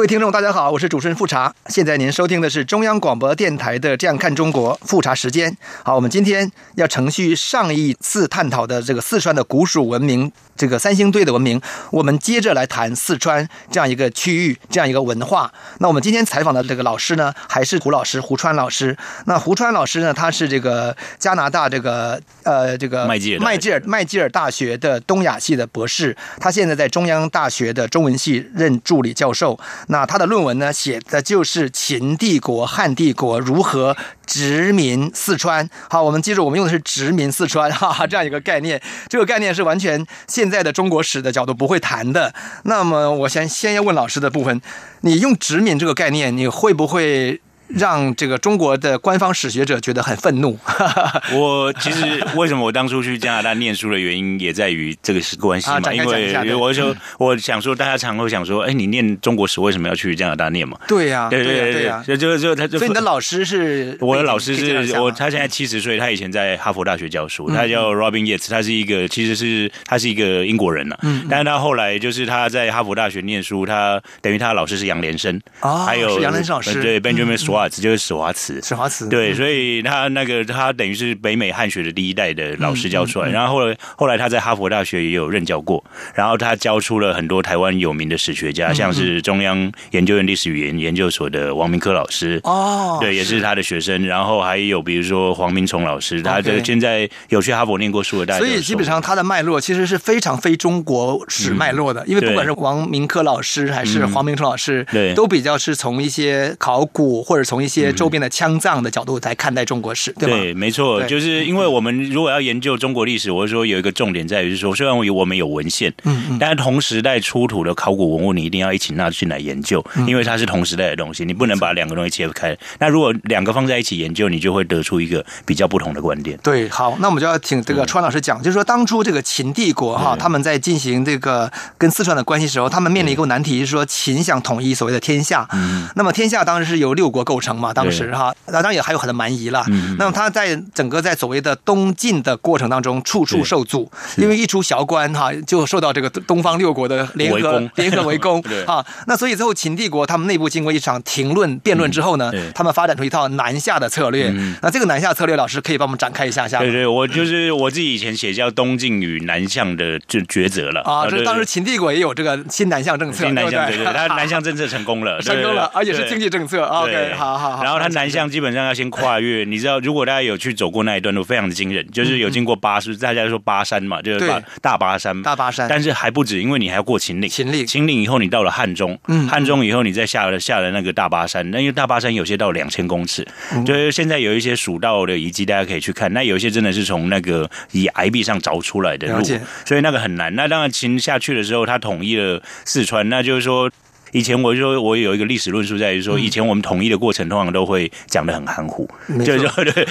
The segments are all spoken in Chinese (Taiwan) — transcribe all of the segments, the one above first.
各位聽眾，大家好，我是主持人富察。現在您收聽的是中央廣播電台的《這樣看中國》富察時間。好，我們今天要承續上一次探討的這個四川的古蜀文明，這個三星堆的文明，我們接着來談四川這樣一個區域這樣一個文化。那我們今天採訪的這個老師呢，還是胡老師胡川老師。那胡川老師呢，他是這個加拿大這個呃這個麥吉爾麥吉爾麥吉爾大學的東亞系的博士，他現在在中央大學的中文系任助理教授。那他的論文呢，寫的就是秦帝國、漢帝國如何殖民四川。好，我們記住，我們用的是殖民四川，哈哈，這樣一個概念。這個概念是完全現在的中國史的角度不會談的。那麼，我先先要問老師的部分，你用殖民這個概念，你會不會？讓這個中國的官方史學者覺得很憤怒。我其實為什麼我當初去加拿大念書的原因也在於這個是關係嘛？因為我就我想說，大家常會想說，哎，你念中國史為什麼要去加拿大念嘛？對呀，對呀，對呀。所以你的老師是？我的老師是我，他現在七十歲，他以前在哈佛大學教書，他叫 Robin Yates，他是一個其實是他是一個英國人吶。嗯。但是他後來就是他在哈佛大學念書，他等於他的老師是楊聯陞啊，還有楊聯陞老師，對，Benjamin Swan 詞就是史華慈，史華慈。對，所以他那個他等於是北美漢學的第一代的老師教出來，嗯嗯嗯、然後後來後來他在哈佛大學也有任教過，然後他教出了很多台灣有名的史學家，嗯嗯、像是中央研究院歷史語言研究所的王明珂老師哦，對，也是他的學生，是然後還有比如說黃明崇老師，他就現在有去哈佛念過書的大學，所以基本上他的脈絡其實是非常非中國史脈絡的，嗯、因為不管是王明珂老師還是黃明崇老師，對、嗯，都比較是從一些考古或者。從一些周邊的羌藏的角度來看待中國史，對吧？對，沒錯，就是因為我們如果要研究中國歷史，我是說有一個重點在於是說，雖然我我們有文獻，嗯，但是同時代出土的考古文物，你一定要一起拿進來研究，因為它是同時代的東西，你不能把兩個東西切開。那如果兩個放在一起研究，你就會得出一個比較不同的觀點。對，好，那我們就要請這個川老師講，就是說當初這個秦帝國哈，他們在進行這個跟四川的關係時候，他們面臨一個難題，就是說秦想統一所謂的天下，嗯，那麼天下當時是由六國構。成嘛？當時哈，當然也還有很多蠻夷了。那麼他在整個在所謂的東進的過程當中，處處受阻，因為一出蕭關哈，就受到這個東方六國的聯合聯合圍攻。啊，那所以最後秦帝國他們內部經過一場廷論辯論之後呢，他們發展出一套南下的策略。那這個南下策略，老師可以幫我們展開一下下。對對，我就是我自己以前寫叫《東進與南向的就抉擇》了啊。是當時秦帝國也有這個新南向政策，新南向政策，他南向政策成功了，成功了，而且是經濟政策。對。然後他南向基本上要先跨越，你知道，如果大家有去走過那一段路非常的驚人，就是有經過巴，是不是，大家說巴山嘛，就是大巴山，大巴山。但是還不止，因為你還要過秦嶺。秦嶺，秦嶺以後你到了漢中，漢中以後你再下了下了那個大巴山，那因為大巴山有些到兩千公尺，就是現在有一些蜀道的遺跡大家可以去看，那有一些真的是從那個以崖壁上鑿出來的路，所以那個很難。那當然秦下去的時候他統一了四川，那就是說。以前我就說我有一個歷史論述在於說，以前我們統一的過程通常都會講得很含糊，對對對，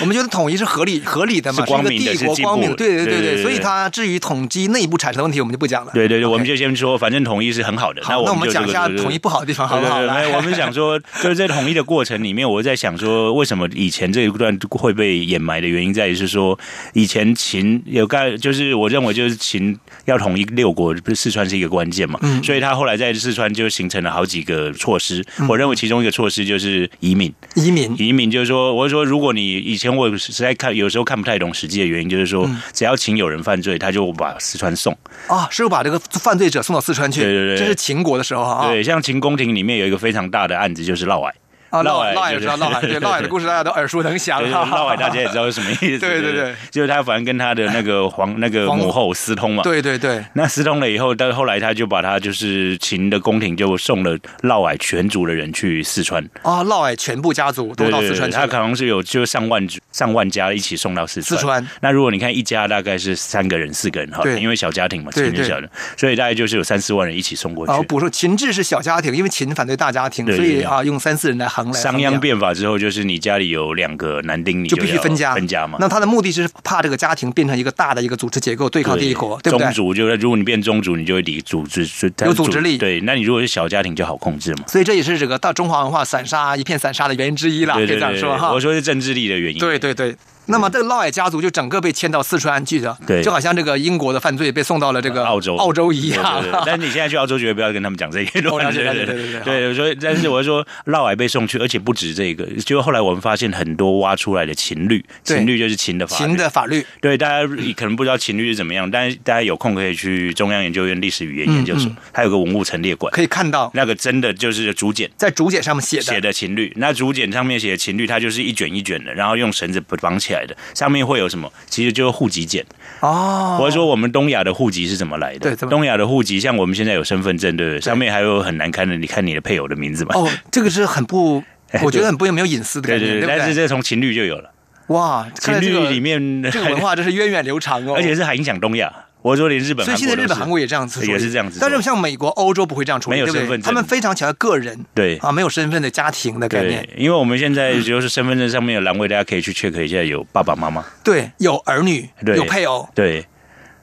我們覺得統一是合理合理的嘛，是光明的帝國，光明，對對對對，所以他至於統計內部產生的問題，我們就不講了。對對對，我們就先說，反正統一是很好的。那那我們講一下統一不好的地方好不好？來，我們想說，就是在統一的過程裡面，我在想說，為什麼以前這一段會被掩埋的原因在於是說，以前秦有干，就是我認為就是秦要統一六國，不是四川是一個關鍵嘛，嗯，所以他後來在四川就形成了。好幾個措施，我認為其中一個措施就是移民。移民，移民就是說，我是說，如果你以前我實在看有時候看不太懂實際的原因，就是說，嗯、只要秦有人犯罪，他就把四川送啊，是不是把這個犯罪者送到四川去？對對對，這是秦國的時候啊。對，像秦宮廷裡面有一個非常大的案子，就是嫪毐。啊，嫪毐，知道，對，嫪毐的故事大家都耳熟能詳。嫪毐大家也知道是什麼意思，對對對，就是他反正跟他的那個皇那個母後私通嘛。對對對。那私通了以後，到後來他就把他就是秦的宮廷就送了嫪毐全族的人去四川。啊，嫪毐全部家族都到四川去。他可能是有就上萬上萬家一起送到四川。四川。那如果你看一家大概是三個人四個人哈，因為小家庭嘛，秦是小的，所以大概就是有三四萬人一起送過去。啊，不說秦制是小家庭，因為秦反對大家庭，所以啊，用三四人來。商鞅變法之後，就是你家裡有兩個男丁，女就，就必須分家，分家嘛。那他的目的是怕這個家庭變成一個大的一個組織結構對，對抗帝國，對，對宗族就是，如果你變宗族，你就會離組織，組織有組織力。對，那你如果是小家庭，就好控制嘛。所以這也是這個大中華文化散沙一片散沙的原因之一了，可以這樣說哈。我說是政治力的原因。對對對。那麼這個嫪毐家族就整個被遷到四川去了，對，就好像這個英國的犯罪被送到了這個澳洲澳洲一樣。但是你現在去澳洲絕對不要跟他們講這些。對，所以但是我說嫪毐被送去，而且不止這個，就後來我們發現很多挖出來的秦律，秦律就是秦的法。秦的法律。對，大家可能不知道秦律是怎麼樣，但是大家有空可以去中央研究院歷史語言研究所，它有個文物陳列館，可以看到那個真的就是竹簡，在竹簡上面寫的寫的秦律。那竹簡上面寫的秦律，它就是一卷一卷的，然後用繩子綁起來。來的上面會有什麼？其實就是戶籍簡哦，或者說我們東亞的戶籍是怎麼來的？東亞的戶籍像我們現在有身份證，對不對？對，上面還有很難看的，你看你的配偶的名字吧。哦，這個是很不，我覺得很不，哎、沒有隱私的。對。對對對，對對，但是這從秦律就有了。哇，這個、秦律裡面這個文化真是源遠流長哦，而且是還影響東亞。我說你日本，所以現在日本、韓國也這樣子，也是這樣子。但是像美國、歐洲不會這樣處理，對不對？他們非常強調個人，對啊，沒有身份的家庭的概念。因為我們現在就是身份證上面有欄位，大家可以去 check 一下，有爸爸媽媽，對，有兒女，有配偶，對。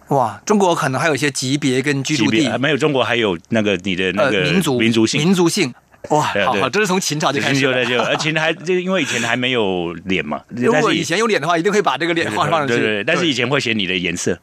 哇，中國可能還有一些級別跟居住地，沒有，中國還有那個你的那個民族、民族性、民族性。哇，好好，這是從秦朝就開始就，而且還因為以前還沒有臉嘛。如果以前有臉的話，一定會把這個臉畫上。對對，但是以前會寫你的顏色。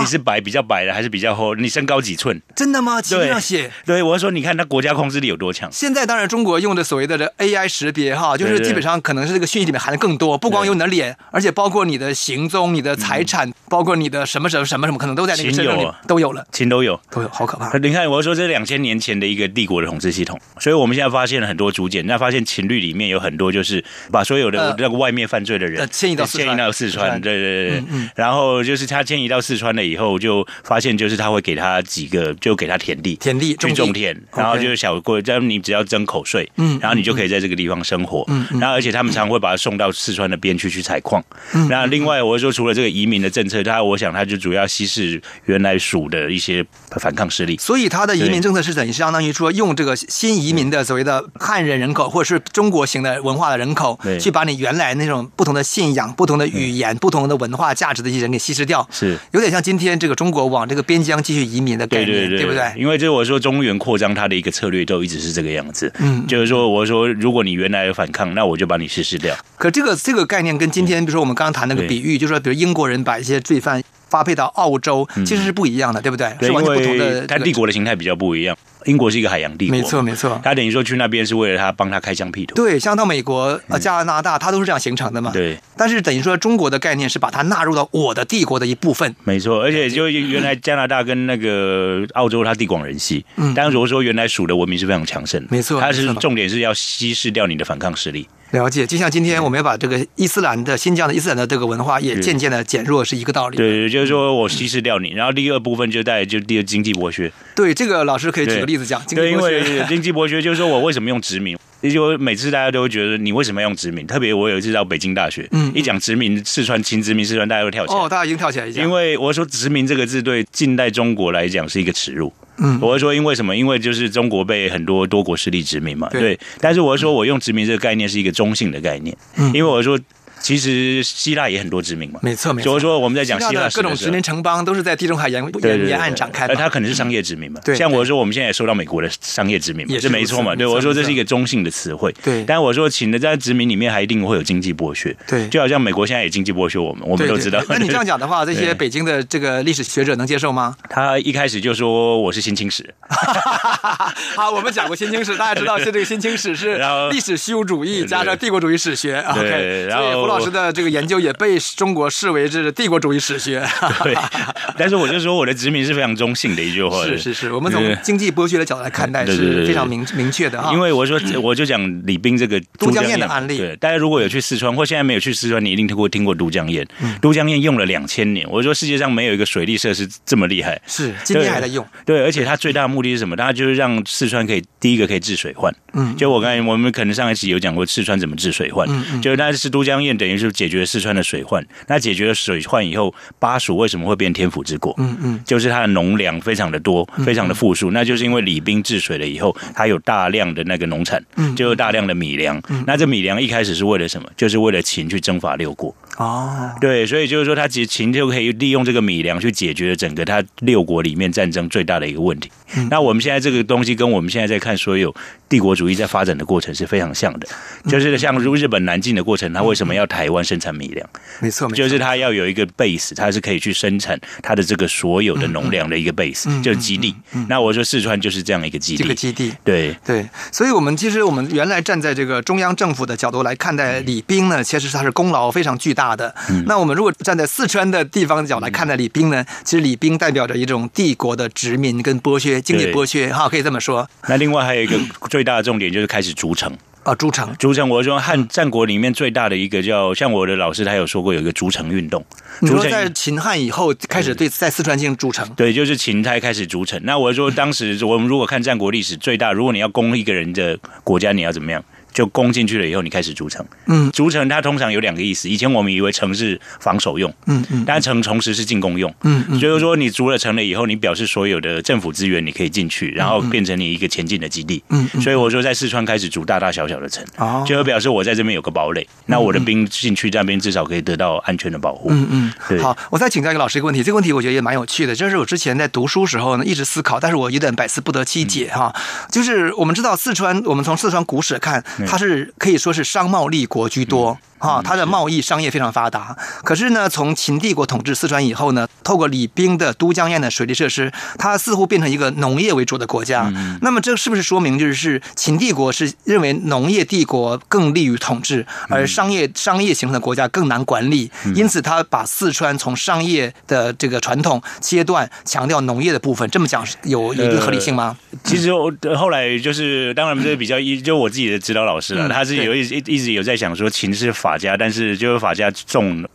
你是白，比較白的還是比較黑？你身高幾寸？真的嗎？秦律上寫。對，我說你看他國家控制力有多強。現在當然中國用的所謂的 AI 識別哈，就是基本上可能是這個訊息裡面含的更多，不光有你的臉，而且包括你的行蹤、你的財產，包括你的什麼什麼什麼什麼，可能都在那個身份裡都有了，情都有，都有，好可怕！你看我說這兩千年前的一個帝國的統治系統，所以我們現在發現了很多竹簡，那發現秦律裡面有很多就是把所有的那個外面犯罪的人遷移到四川，遷移到四川，對對對，然後就是他遷移到四川的。以後就發現，就是他會給他幾個，就給他田地，田地，種地去種田，然後就是小過這樣，你只要徵口稅，嗯，然後你就可以在這個地方生活，嗯，嗯然後而且他們常會把他送到四川的邊區去採礦。嗯、那另外，我說除了這個移民的政策，嗯、他我想他就主要稀釋原來蜀的一些反抗勢力，所以他的移民政策是等於是相當於說用這個新移民的所謂的漢人人口，或者是中國型的文化的人口，去把你原來那種不同的信仰、不同的語言、嗯、不同的文化價值的一些人給稀釋掉，是有點像。今天這個中國往這個邊疆繼續移民的概念，對,對,對,對不對？因為就是我說中原擴張它的一個策略都一直是這個樣子，嗯，就是說我說如果你原來有反抗，那我就把你實施掉。可這個這個概念跟今天、嗯、比如說我們剛剛談那個比喻，對就是說比如英國人把一些罪犯發配到澳洲，嗯、其實是不一樣的，嗯、對不對？對是完全不同的，但帝國的形態比較不一樣。英國是一個海洋帝國。沒錯，沒錯。他等於說去那邊是為了他幫他開疆闢土。對，像到美國、嗯、加拿大，它都是這樣形成的嘛。對。但是等於說中國的概念是把它納入到我的帝國的一部分。沒錯，而且就原來加拿大跟那個澳洲，它地廣人稀，嗯，但是如果說原來蜀的文明是非常強盛的，沒錯，它是重點是要稀釋掉你的反抗勢力。了解，就像今天我們要把這個伊斯蘭的對新疆的伊斯蘭的這個文化也漸漸的減弱，是一個道理。對，就是說我稀釋掉你。嗯、然後第二部分就帶就第二經濟剝削。對，這個老師可以舉個例子講。對，經濟剝削。對，因為經濟剝削就是說我為什麼用殖民？ 就每次大家都會覺得你為什麼要用殖民？特別我有一次到北京大學，嗯，一講殖民四川，秦殖民四川，大家都跳起來。哦，大家已經跳起來。因為我說殖民這個字對近代中國來講是一個恥辱。我會說，因為什麼？因為就是中國被很多多國勢力殖民嘛。對，對。但是我會說，我用殖民這個概念是一個中性的概念，嗯，因為我說。其實希臘也很多殖民嘛，沒錯沒錯。就是說我們在講希臘的各種殖民城邦都是在地中海沿沿沿岸展開的。它可能是商業殖民嘛，像我說我們現在也受到美國的商業殖民，也是沒錯嘛。對我說這是一個中性的詞彙，對。但我說，請的在殖民裡面，還一定會有經濟剝削，對。就好像美國現在也經濟剝削我們，我們都知道。那你這樣講的話，這些北京的這個歷史學者能接受嗎？他一開始就說我是新清史，哈哈哈。啊，我們講過新清史，大家知道是這個新清史是歷史虛無主義加上帝國主義史學，對，然後。當 時的這個研究也被中國視為這是帝國主義史學。 對，但是我就說我的殖民是非常中性的一句話。是是是，我們從經濟剝削的角度來看待是非常明，對對對對，明確的，因為我說我就講李冰這個都、嗯、江堰的案例。對，大家如果有去四川或現在沒有去四川，你一定聽過聽過都江堰。都、嗯、江堰用了兩千年，我說世界上沒有一個水利設施這麼厲害，是今天還在用對。對，而且它最大的目的是什麼？他就是讓四川可以第一個可以治水患。嗯，就我剛才我們可能上一期有講過四川怎麼治水患，嗯、就大家是都江堰的。等於是解決了四川的水患，那解決了水患以後，巴蜀為什麼會變天府之國？嗯嗯，嗯，就是它的農糧非常的多，嗯、非常的富庶，那就是因為李冰治水了以後，它有大量的那個農產，就有大量的米糧。嗯、那這米糧一開始是為了什麼？就是為了秦去征伐六國。哦，oh, 對，所以就是說，他其實秦就可以利用這個米糧去解決整個他六國裡面戰爭最大的一個問題。嗯、那我們現在這個東西跟我們現在在看所有帝國主義在發展的過程是非常像的，嗯、就是像如日本南進的過程，他為什麼要台灣生產米糧、嗯？沒錯，沒錯，就是他要有一個 base，他是可以去生產他的這個所有的農糧的一個 base，、嗯、就是基地。嗯嗯嗯嗯、那我說四川就是這樣一個基地，這個基地，對對。所以我們其實我們原來站在這個中央政府的角度來看待李冰呢，其實他是功勞非常巨大。大的，那我們如果站在四川的地方角來看待李冰呢？嗯、其實李冰代表着一種帝國的殖民跟剝削，經濟剝削哈對，可以這麼說。那另外還有一個最大的重點就是開始築城啊，築城，築城、哦、築城。我說漢戰國裡面最大的一個叫，像我的老師他有說過有一個築城運動。你說在秦漢以後開始對在四川進行築城，對，就是秦才開始築城。那我說當時我們如果看戰國歷史，最大如果你要攻一個人的國家，你要怎麼樣？就攻進去了以後，你開始築城。嗯，築城它通常有兩個意思。以前我們以為城是防守用，嗯嗯，但城同時是進攻用。嗯，就是說你築了城了以後，你表示所有的政府資源你可以進去，然後變成你一個前進的基地。嗯，所以我說在四川開始築大大小小的城，就表示我在這邊有個堡壘，那我的兵進去這邊至少可以得到安全的保護。嗯嗯，好，我再請教一個老師一個問題，這個問題我覺得也蠻有趣的，就是我之前在讀書時候呢一直思考，但是我有點百思不得其解哈。就是我們知道四川，我們從四川古史看。它是可以說是商貿立國居多哈，它、嗯嗯、的貿易商業非常發達。嗯、可是呢，從秦帝國統治四川以後呢，透過李冰的都江堰的水利設施，它似乎變成一個農業為主的國家。嗯、那麼這是不是說明就是秦帝國是認為農業帝國更利於統治，嗯、而商業商業形成的國家更難管理？嗯、因此他把四川從商業的這個傳統切斷，強調農業的部分。這麼講有有一個合理性嗎？呃、其實我後來就是當然不是比較一，嗯、就我自己的指導老師、老師、啊、他是有一、嗯、一,一,一直有在想說秦是法家，但是就是法家重了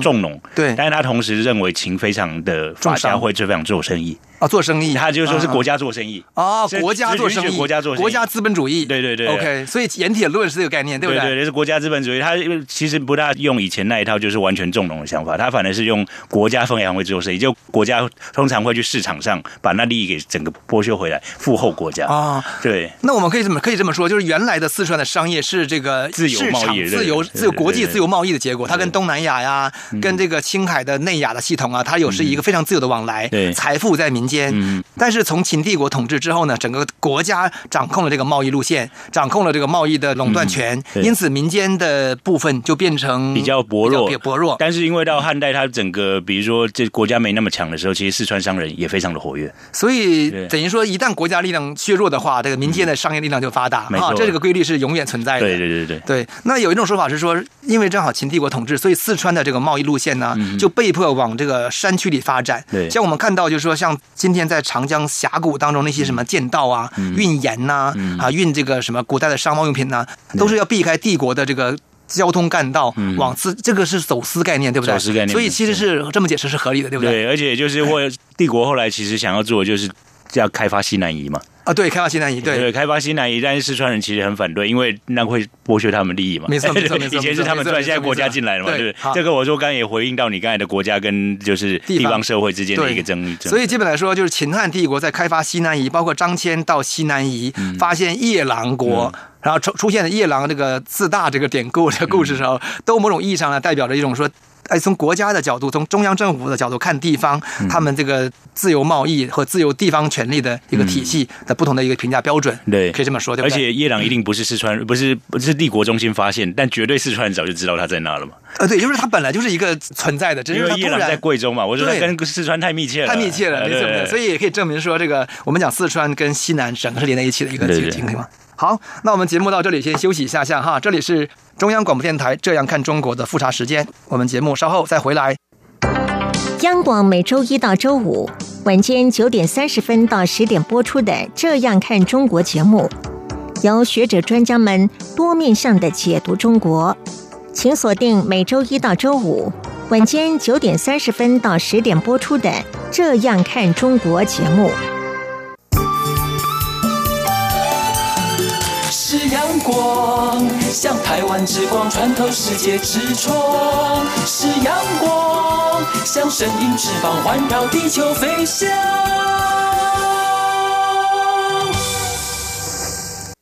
重農對，但是他同時認為秦非常的法家會，非常做生意啊，做生意，他就說是國家做生意啊，國家做生意，國家做國家資本主義，對對對，OK，所以鹽鐵論是這個概念，對不對？對，就是國家資本主義，他其實不大用以前那一套，就是完全重農的想法，他反而是用國家發揚會做生意，就國家通常會去市場上把那利益給整個剝削回來，富厚國家啊，對。那我們可以這麼可以這麼說，就是原來的四川的商業是這個自由貿易、自由、自由國際、自由貿易的結果，它跟東南亞呀。啊，跟這個青海的內亞的系統啊，它有是一個非常自由的往來，財富在民間。但是從秦帝國統治之後呢，整個國家掌控了這個貿易路線，掌控了這個貿易的壟斷權，因此民間的部分就變成比較薄弱，比較薄弱。但是因為到漢代，它整個比如說這國家沒那麼強的時候，其實四川商人也非常的活躍。所以等於說，一旦國家力量削弱的話，這個民間的商業力量就發達啊，這個規律是永遠存在的。對對對對對。那有一種說法是說，因為正好秦帝國統治，所以四川的。這個貿易路線呢，就被迫往這個山區裡發展。對，像我們看到，就是說，像今天在長江峽谷當中那些什麼棧道啊、嗯、運鹽吶、啊、嗯、啊運這個什麼古代的商貿用品吶、啊，都是要避開帝國的這個交通幹道，對往自這個是走私概念，對不對？走私概念。所以其實是這麼解釋是合理的，對不對？對，而且就是我，我帝國後來其實想要做的就是。就要開发西南夷嘛？啊、哦，對，開发西南夷，對,對，對，開发西南夷，但是四川人其實很反對，因為那會剝削他們利益嘛。沒錯，沒錯,沒錯， 以前是他們賺，現在國家進來了嘛。錯對。這個，我說剛也回應到你剛才的國家跟就是地方社會之間的一個爭議。對的所以基本來說，就是秦漢帝國在開发西南夷，包括張騫到西南夷发現夜郎國，嗯嗯、然後出出現了夜郎這個自大這個典故的故事的時候，嗯、都某種意義上呢代表着一種說。哎，從國家的角度，從中央政府的角度看地方，嗯、他們這個自由貿易和自由地方權利的一個體系的不同的一個評價標準，對、嗯，可以這麼說，對。對對，而且夜郎一定不是四川，嗯、不是不是帝國中心發現，但絕對四川早就知道它在那了嘛。呃，對，就是它本來就是一個存在的，只是它。因為夜郎在貴州嘛，我覺得跟四川太密切了。對太密切了，沒錯 啊、對，對，對對。所以也可以證明說，這個我們講四川跟西南整個是連在一起的一個一個情況。對對對好，那我們節目到這裡先休息一下下哈，這裡是。中央廣播電臺《這樣看中國》的富察時間，我們節目稍後再回來。央廣每週一到週五晚間九點三十分到十點播出的《這樣看中國》節目，由學者專家們多面向的解讀中國，請鎖定每週一到週五晚間九點三十分到十點播出的《這樣看中國》節目。是陽光，像台灣之光穿透世界之窗；是陽光，像神鷹翅膀環繞地球飛翔。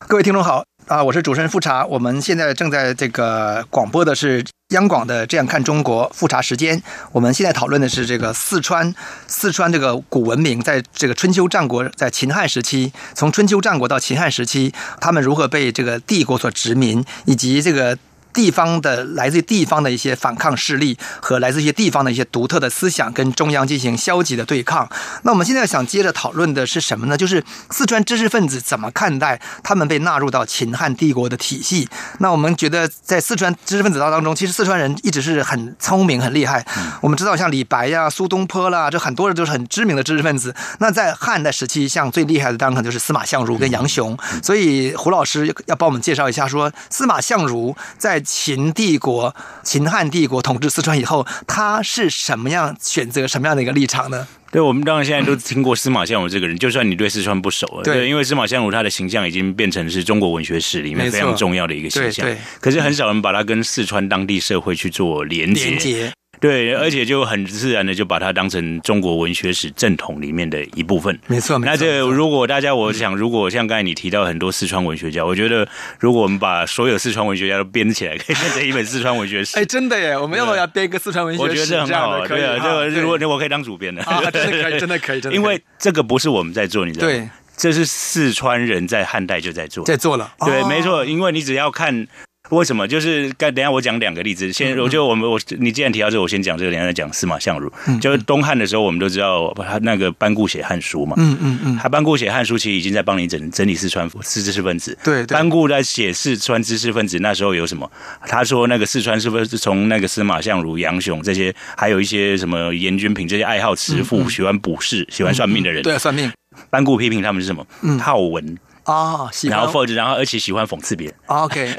各位聽眾好啊，我是主持人富察，我們現在正在這個廣播的是。央廣的這樣看中國富察時間，我們現在討論的是這個四川，四川這個古文明，在這個春秋戰國，在秦漢時期，從春秋戰國到秦漢時期，他們如何被這個帝國所殖民，以及這個。地方的來自於地方的一些反抗勢力和來自一些地方的一些獨特的思想，跟中央進行消極的對抗。那我們現在想接着討論的是什麼呢？就是四川知識分子怎麼看待他們被納入到秦漢帝國的體系？那我們覺得，在四川知識分子當中，其實四川人一直是很聰明、很厲害。我們知道，像李白呀、啊、蘇東坡啦，這很多人都是很知名的知識分子。那在漢代時期，像最厲害的當然可能就是司馬相如跟楊雄。所以胡老師要幫我們介紹一下說，說司馬相如在。秦帝國、秦漢帝國統治四川以後，他是什麼樣選擇什麼樣的一個立場呢？對，我們當然現在都聽過司馬相如這個人，就算你對四川不熟了，對，對，因為司馬相如他的形象已經變成是中國文學史裡面非常重要的一個形象，對，對，可是很少人把他跟四川當地社會去做連接。連結。對，而且就很自然的就把它當成中國文學史正統裡面的一部分。沒錯，沒錯，那這如果大家，我想，如果像剛才你提到很多四川文學家，我覺得如果我們把所有四川文學家都編起來，可以變成一本四川文學史。哎，真的耶！我們要不要編一個四川文學史？我覺得這很好，可以。就如果我可以當主編的啊，真的可以，真的可以。因為這個不是我們在做，你知道嗎？對，這是四川人在漢代就在做，在做了。對，沒錯，因為你只要看。為什麼？就是該等一下我講兩個例子。先，嗯、我就我們我你既然提到這個，我先講這個。等一下再講司馬相如，嗯、就是東漢的時候，我們都知道他那個班固寫《漢書》嘛。嗯嗯，嗯他班固寫《漢書》其實已經在幫你整整理四川四知識分子。對。對班固在寫四川知識分子，那時候有什麼？他說那個四川是不是從那個司馬相如、楊雄這些，還有一些什麼嚴君平這些愛好辭賦，嗯、喜歡卜筮、嗯、喜歡算命的人？對、啊，算命。班固批評他們是什麼？好、嗯、文。啊，然後然後而且喜歡諷刺別人。OK，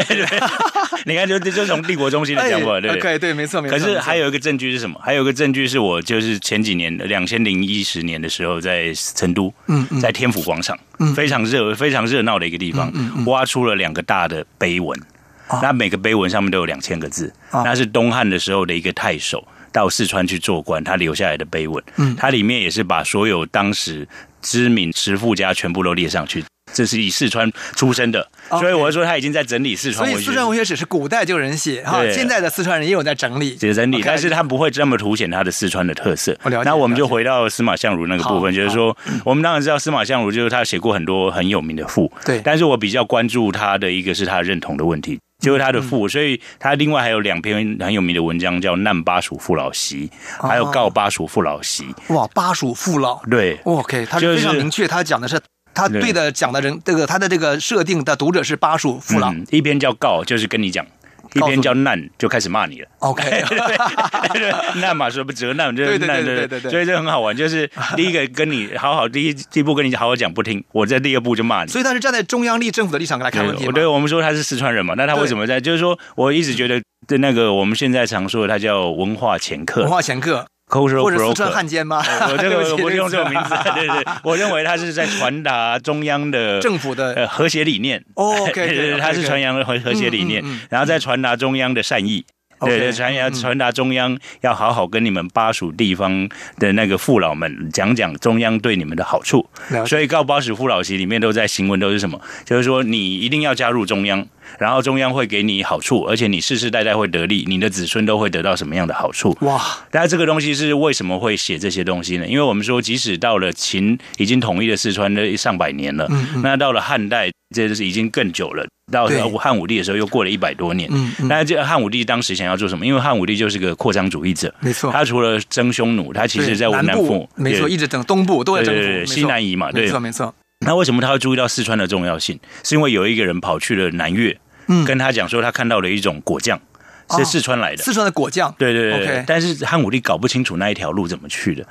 你看，就就從帝國中心的講法，對，OK，對，沒錯，沒錯。可是還有一個證據是什麼？還有一個證據是我就是前幾年兩千零一十年的時候，在成都，在天府廣場，非常熱、非常熱鬧的一個地方，挖出了兩個大的碑文。那每個碑文上面都有兩千個字，那是東漢的時候的一個太守到四川去做官，他留下來的碑文。嗯，它裡面也是把所有當時知名辭賦家全部都列上去。這是以四川出生的，所以我說他已經在整理四川文學史。所以四川文學史是古代就有人寫哈，現在的四川人也有在整理，也整理，但是他不會這麼凸顯他的四川的特色。那我們就回到司馬相如那個部分，就是說，我們當然知道司馬相如就是他寫過很多很有名的賦，對。但是我比較關注他的一個是他認同的問題，就是他的賦，所以他另外還有兩篇很有名的文章叫《難巴蜀父老檄》，還有《告巴蜀父老檄》。哇，巴蜀父老，對，OK，他非常明確，他講的是。他對的講的人，對對對這個他的這個設定的讀者是巴蜀父老。嗯、一邊叫告，就是跟你講；一邊叫難，就開始罵你了。OK，難嘛說，說不折難，就難，對對對,對對對對對。所以這很好玩，就是第一個跟你好好 第一第一步跟你好好講不聽，我在第二步就罵你。所以他是站在中央立政府的立場來看問題。我對，我們說他是四川人嘛，那他為什麼在？對就是說，我一直覺得的那個我們現在常說的，他叫文化掮客，文化掮客。Ker, 或者是漢奸嗎？ 哦、我就、這個、 起我是用這個名字。 對，對，我認為他是在傳達中央的政府的呃和諧理念。哦，對對對，他是傳揚的和和諧理念，嗯嗯嗯、然後再傳達中央的善意。嗯對，傳傳達中央，要好好跟你們巴蜀地方的那個父老們講講中央對你們的好處，白所以告巴蜀父老檄裡面都在行文，都是什麼，就是說你一定要加入中央，然後中央會給你好處，而且你世世代代會得利，你的子孫都會得到什麼樣的好處？哇！但是這個東西是為什麼會寫這些東西呢？因為我們說，即使到了秦已經統一了四川的上百年了，嗯、哼那到了漢代。這就是已經更久了，到漢武帝的時候又過了一百多年。嗯，那漢武帝當時想要做什麼？因為漢武帝就是個擴張主義者，沒錯。他除了征匈奴，他其實在往南擴，沒錯，一直征東部都在征。對對，西南夷嘛，對。沒錯沒錯。那為什麼他會注意到四川的重要性？是因為有一個人跑去了南越，跟他講說他看到了一種果醬，是四川來的。四川的果醬，對對對。但是漢武帝搞不清楚那一條路怎麼去的。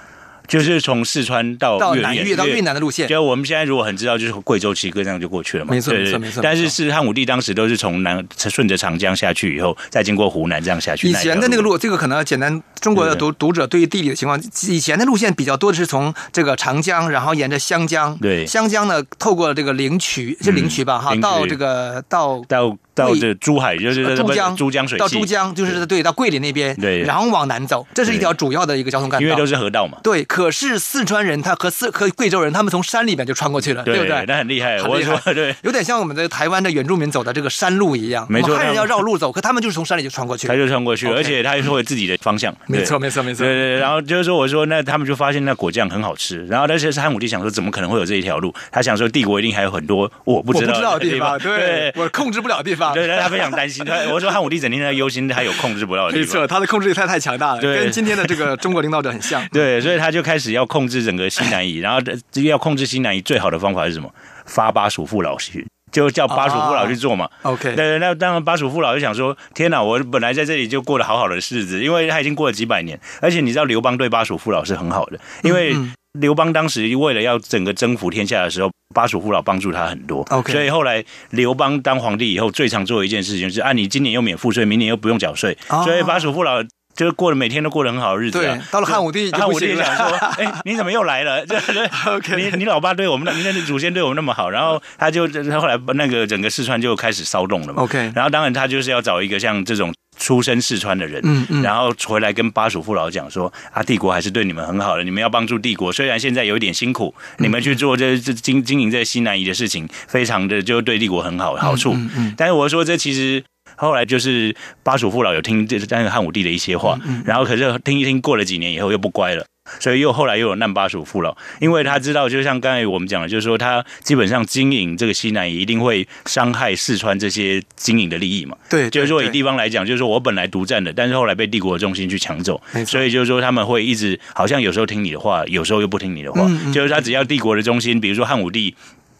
就是從四川到南到南越，越到越南的路線，就我們現在如果很知道，就是貴州騎個這樣就過去了嘛，沒錯錯沒錯沒錯。但是是漢武帝當時都是從南，順着長江下去以後，再經過湖南這樣下去。以前的那個路，這個可能簡單，中國的讀讀者對於地理的情況，對對對以前的路線比較多的是從這個長江，然後沿着湘江，對湘江呢，透過這個靈渠，是靈渠吧，哈、嗯，到這個到到。到到這珠海就是珠江，珠江水到珠江就是對，到桂林那邊，對，然後往南走，這是一條主要的一個交通幹道，因為都是河道嘛。對，可是四川人他和四和貴州人，他們從山裡面就穿過去了，對不對？那很厲害，我跟你說。對，有點像我們的台灣的原住民走的這個山路一樣。沒錯，漢人要繞路走，可他們就是從山裡就穿過去。他就穿過去，而且他說會有自己的方向。沒錯，沒錯，沒錯。對對，然後就是說，我說那他們就發現那果醬很好吃，然後但是漢武帝想說，怎麼可能會有這一條路？他想說，帝國一定還有很多我不知道的地方，對我控制不了的地方。對， 對，他非常擔心。他，我說漢武帝整天在憂心他有控制不到的地方。沒錯，他的控制力太太強大了，對跟今天的這個中國領導者很像。 對，所以他就開始要控制整個西南夷， 然後要控制西南夷最好的方法是什麼？發巴蜀父老去，就叫巴蜀父老去做嘛。啊對啊、OK，那當然，巴蜀父老就想說：“天吶，我本來在這裡就過得好好的日子，因為他已經過了幾百年，而且你知道劉邦對巴蜀父老是很好的，因為。嗯”嗯劉邦當時為了要整個征服天下的時候，巴蜀父老幫助他很多，Okay. 所以後來劉邦當皇帝以後，最常做的一件事情就是：啊，你今年又免賦稅，明年又不用繳稅，oh. 所以巴蜀父老就是過了每天都過得很好的日子，啊。對，就到了漢武帝，漢、啊、武帝也想說：哎、 欸，你怎麼又來了對 ？OK 你你老爸對我們那那祖先對我們那麼好，然後他就他後來那個整個四川就開始騷動了嘛。OK，然後當然他就是要找一個像這種。出身四川的人，嗯嗯，嗯，然後回來跟巴蜀父老講說：“啊，帝國還是對你們很好的，你們要幫助帝國。雖然現在有一點辛苦，你們去做這這經經營這西南夷的事情，非常的就對帝國很好好處。嗯嗯嗯，但是我說，這其實後來就是巴蜀父老有聽這但漢武帝的一些話，嗯嗯，然後可是聽一聽，過了幾年以後又不乖了。”所以又後來又有難巴蜀父老，因為他知道，就像剛才我們講的，就是說他基本上經營這個西南，也一定會傷害四川這些經營的利益嘛。對，就是說以地方來講，就是說我本來獨占的，但是後來被帝國的中心去搶走，所以就是說他們會一直好像有時候聽你的話，有時候又不聽你的話，就是他只要帝國的中心，比如說漢武帝。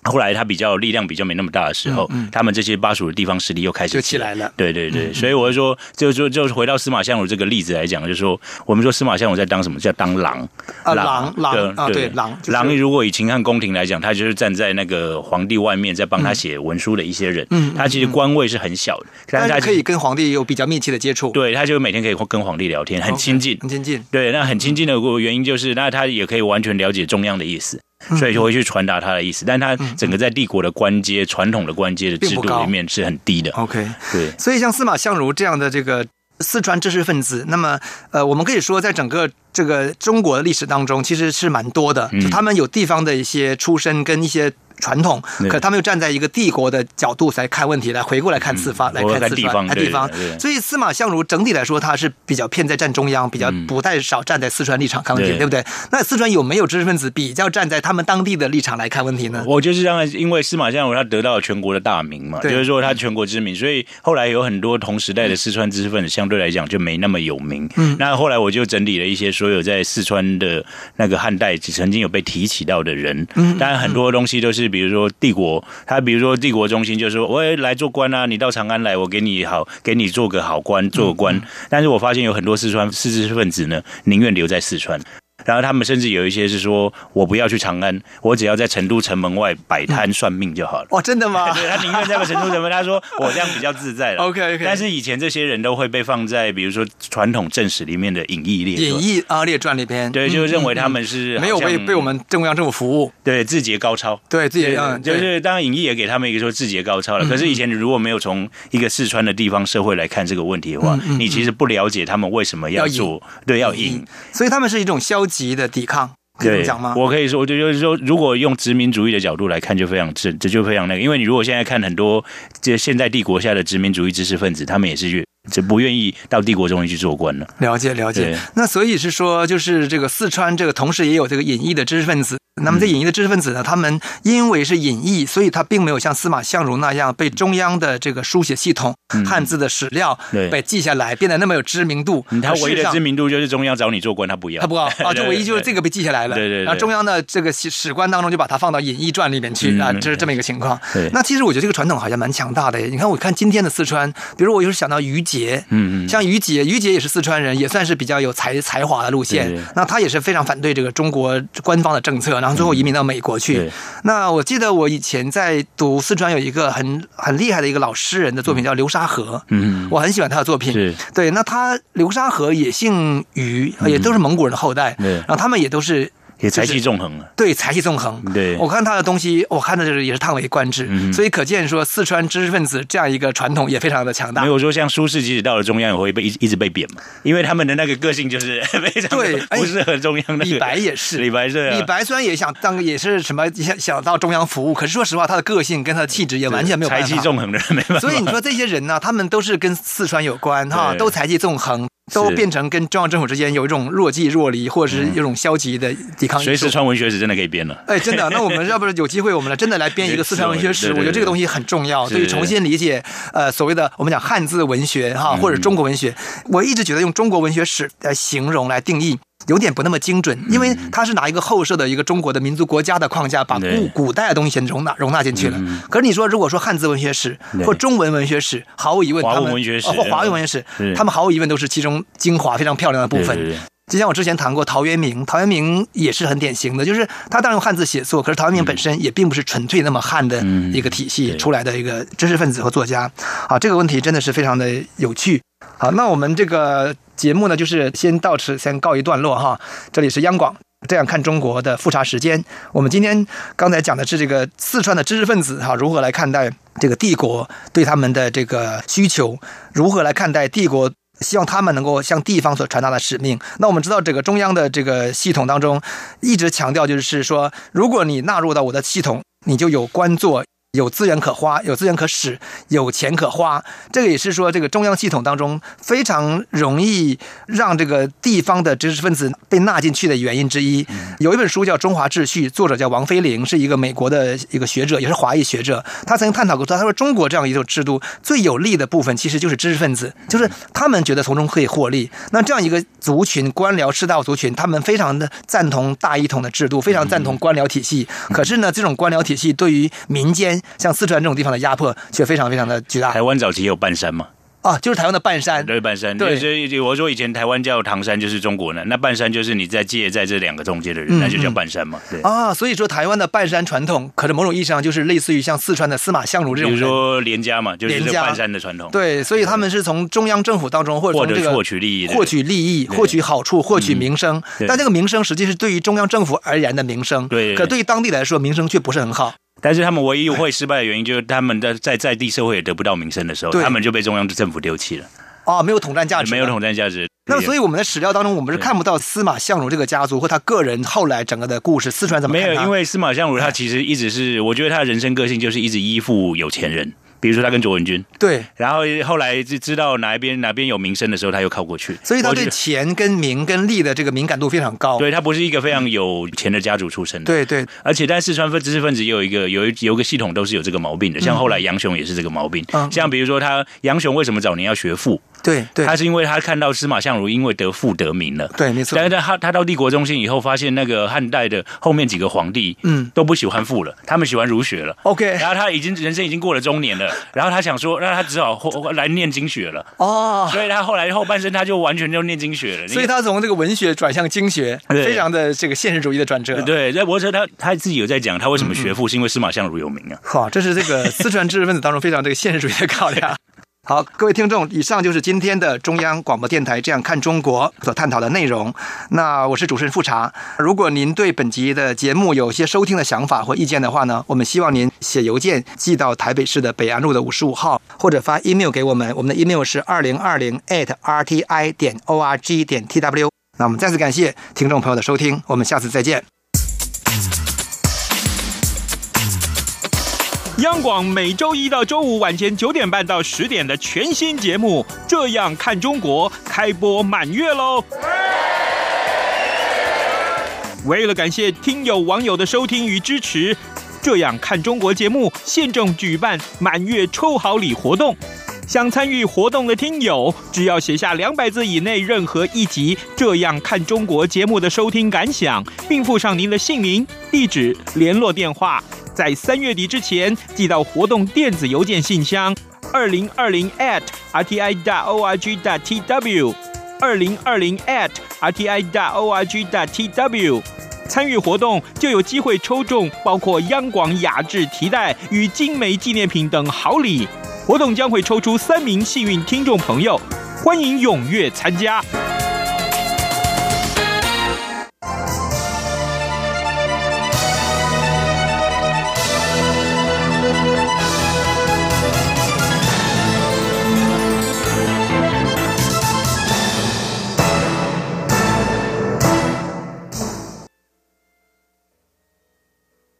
後來他比較力量比較沒那麼大的時候，他們這些巴蜀的地方勢力又開始就起來了。對對對，所以我就說，就就就回到司馬相如這個例子來講，就是說，我們說司馬相如在當什麼叫當郎？啊？郎郎，對，郎。郎如果以秦漢宮廷來講，他就是站在那個皇帝外面，在幫他寫文書的一些人。嗯，他其實官位是很小的，但是他可以跟皇帝有比較密切的接觸。對，他就每天可以跟皇帝聊天，很親近，很親近。對，那很親近的原因就是，那他也可以完全了解中央的意思。所以就會去傳達他的意思，嗯嗯，但他整個在帝國的官階、嗯嗯，傳統的官階的制度裡面是很低的。OK，對，所以像司馬相如這樣的這個四川知識分子，那麼呃，我們可以說在整個。這個中國歷史當中其實是蠻多的，就他們有地方的一些出身跟一些傳統，嗯、可他們又站在一個帝國的角度來看問題，來回過來看四川，嗯、來看四川、看地方。地方所以司馬相如整體來說，他是比較偏在站中央，比較不太少站在四川立場、嗯、看問題，對，對不對？那四川有沒有知識分子比較站在他們當地的立場來看問題呢？我就是讓他因為司馬相如他得到了全國的大名嘛，對就是說他全國知名，所以後來有很多同時代的四川知識分子相對來講就沒那麼有名。嗯、那後來我就整理了一些。所有在四川的那個漢代曾經有被提起到的人，當然很多東西都是，比如說帝國，他比如說帝國中心就說，我也來做官啊，你到長安來，我給你好，給你做個好官，做個官。但是我發現有很多四川知識分子呢，寧願留在四川。然後他們甚至有一些是說，我不要去長安，我只要在成都城門外擺攤算命就好了。哇，真的嗎？對，他寧願在成都城門，他說我這樣比較自在了。OK OK。但是以前這些人都會被放在比如說傳統正史裡面的隱逸列，隱逸，啊列傳裡邊。對，就認為他們是沒有被被我們中央政府服務，對，字節高超，對，字節嗯，就是當然隱逸也給他們一個說字節高超了。可是以前如果沒有從一個四川的地方社會來看這個問題的話，你其實不了解他們為什麼要做，對，要隱。所以他們是一種消極。級的抵抗，可以你講嗎？我可以說，我就就是說，如果用殖民主義的角度來看，就非常正，這就非常那個。因為你如果現在看很多這現代帝國下的殖民主義知識分子，他們也是越就不願意到帝國中去做官了。了解，了解。對那所以是說，就是這個四川這個，同時也有這個隱逸的知識分子。嗯、那麼這隱逸的知識分子呢，他們因為是隱逸，所以他並沒有像司馬相如那樣被中央的這個書寫系統、嗯、漢字的史料被記下來，對變得那麼有知名度。他唯、嗯、一的知名度就是中央找你做官，他不要。他不要啊，就唯一就是這個被記下來了。對，對對。然後中央的這個史官當中，就把他放到《隱逸傳》裡面去，對對對啊，就是這麼一個情況。對那其實我覺得這個傳統好像蠻強大的耶。你看，我看今天的四川，比如我有時想到余杰，嗯嗯，像余杰，余杰也是四川人，也算是比較有才才華的路線。對對對，那他也是非常反對這個中國官方的政策。然後最後移民到美國去。嗯、那我記得我以前在讀四川有一個很很厲害的一個老詩人的作品叫《流沙河》，嗯，我很喜歡他的作品。是對，那他流沙河也姓余，也都是蒙古人的後代。嗯、然後他們也都是。也才氣縱橫啊、就是。對，才氣縱橫。對，我看他的東西，我看的就是也是嘆為觀止。嗯、所以可見說，四川知識分子這樣一個傳統也非常的強大。沒有說像蘇軾，即使到了中央，也會被一一直被貶嘛。因為他們的那個個性就是非常對，不適合中央的，那個哎。李白也是，李白是、啊、李白雖然也想當，也是什麼想想到中央服務，可是說實話，他的個性跟他的氣質也完全沒有。才氣縱橫的人沒辦法。所以你說這些人呢、啊，他們都是跟四川有關哈，對都才氣縱橫。都變成跟中央政府之間有一種若即若離，或者是有一種消極的抵抗。所以四川、嗯、文學史真的可以編了。哎，真的，那我們要不是有機會，我們來真的來編一個四川文學史， 對我覺得這個東西很重要，對，對，對，對，對於重新理解呃所謂的我們講漢字文學哈，或者中國文學，嗯、我一直覺得用中國文學史來形容來定義有點不那麼精準，因為他是拿一個後設的一個中國的民族國家的框架，把古古代的東西先容納對容納進去了。嗯、可是你說，如果說漢字文學史對或中文文學史，毫無疑問他們，華文文學史、哦、或華文文學史，嗯、他們毫無疑問都是其中精華非常漂亮的部分。就像我之前談過陶淵明，陶淵明也是很典型的，就是他當然用漢字寫作，可是陶淵明本身也並不是純粹那麼漢的一個體系出來的一個知識分子和作家。嗯、啊，這個問題真的是非常的有趣。好，那我們這個節目呢，就是先到此，先告一段落哈。這裡是央廣，這樣看中國的富察時間。我們今天剛才講的是這個四川的知識分子哈，如何來看待這個帝國對他們的這個需求，如何來看待帝國希望他們能夠向地方所傳達的使命。那我們知道，這個中央的這個系統當中，一直強調就是說，如果你納入到我的系統，你就有官做。有資源可花，有資源可使，有錢可花，這個也是說，這個中央系統當中非常容易讓這個地方的知識分子被納進去的原因之一。有一本書叫《中華秩序》，作者叫王飛凌，是一個美國的一個學者，也是華裔學者。他曾經探討過說，他說中國這樣一種制度最有利的部分其實就是知識分子，就是他們覺得從中可以獲利。那這樣一個族群——官僚士大夫族群，他們非常的贊同大一統的制度，非常贊同官僚體系。可是呢，這種官僚體系對於民間像四川這種地方的壓迫卻非常非常的巨大。台灣早期也有半山嘛？啊，就是台灣的半山，對半山。對，所以我說以前台灣叫唐山，就是中國呢。那半山就是你在借在這兩個中間的人，嗯嗯、那就叫半山嘛。對。啊，所以說台灣的半山傳統，可能某種意義上就是類似於像四川的司馬相如這種，比如說連家嘛，就是這半山的傳統。對，所以他們是從中央政府當中獲取利益、獲取利益、獲取好處、對獲取名聲。嗯、但這個名聲實際是對於中央政府而言的名聲。對。可對於當地來說，名聲卻不是很好。但是他們唯一會失敗的原因，就是他們在在在地社會也得不到名聲的時候，對他們就被中央的政府丟棄了。啊、哦，沒有統戰價值，沒有統戰價值。那所以我們的史料當中，我們是看不到司馬相如這個家族或他個人後來整個的故事，四川怎麼看沒有？因為司馬相如他其實一直是，對我覺得他的人生個性就是一直依附有錢人。比如說他跟卓文君，嗯、對，然後後來就知道哪一邊哪一邊有名聲的時候，他又靠過去，所以他對錢跟名跟利的這個敏感度非常高。對，他不是一個非常有錢的家族出身的，對、嗯、對，對而且在四川分知識分子有一個有有個系統，都是有這個毛病的。嗯、像後來揚雄也是這個毛病，嗯、像比如說他揚雄為什麼早年要學賦？對，對他是因為他看到司馬相如因為得賦得名了，對，沒錯。但是他他到帝國中心以後，發現那個漢代的後面幾個皇帝，嗯，都不喜歡賦了，他們喜歡儒學了。OK，、嗯、然後他已經人生已經過了中年了，然後他想說，那他只好來念經學了。哦，所以他後來後半生他就完全就念經學了。所以他從這個文學轉向經學，對非常的這個現實主義的轉折。對，在博士他他自己有在講，他為什麼學賦，嗯嗯，是因為司馬相如有名啊。好、哦，這是這個四川知識分子當中非常這個現實主義的考量。 好，各位聽眾，以上就是今天的中央廣播電臺《這樣看中國》所探討的內容。那我是主持人富察，如果您對本集的節目有一些收聽的想法或意見的話呢，我們希望您寫郵件寄到台北市的北安路的五十五號，或者發 email 給我們。我們的 email 是二零二零 at r t i 點 o r g 點 t w。那我們再次感謝聽眾朋友的收聽，我們下次再見。央廣每周一到周五晚間九點半到十點的全新節目《這樣看中國》開播滿月嘍！對為了感謝聽友網友的收聽與支持，《這樣看中國》節目現正舉辦滿月抽好禮活動。想參與活動的聽友，只要寫下兩百字以內任何一集《這樣看中國》節目的收聽感想，並附上您的姓名、地址、聯絡電話。在三月底之前寄到活動電子郵件信箱：二零二零 @rti.org.tw，二零二零 @rti.org.tw，參與活動就有機會抽中包括央廣雅致提袋與精美紀念品等好禮。活動將會抽出三名幸運聽眾朋友，歡迎踴躍參加。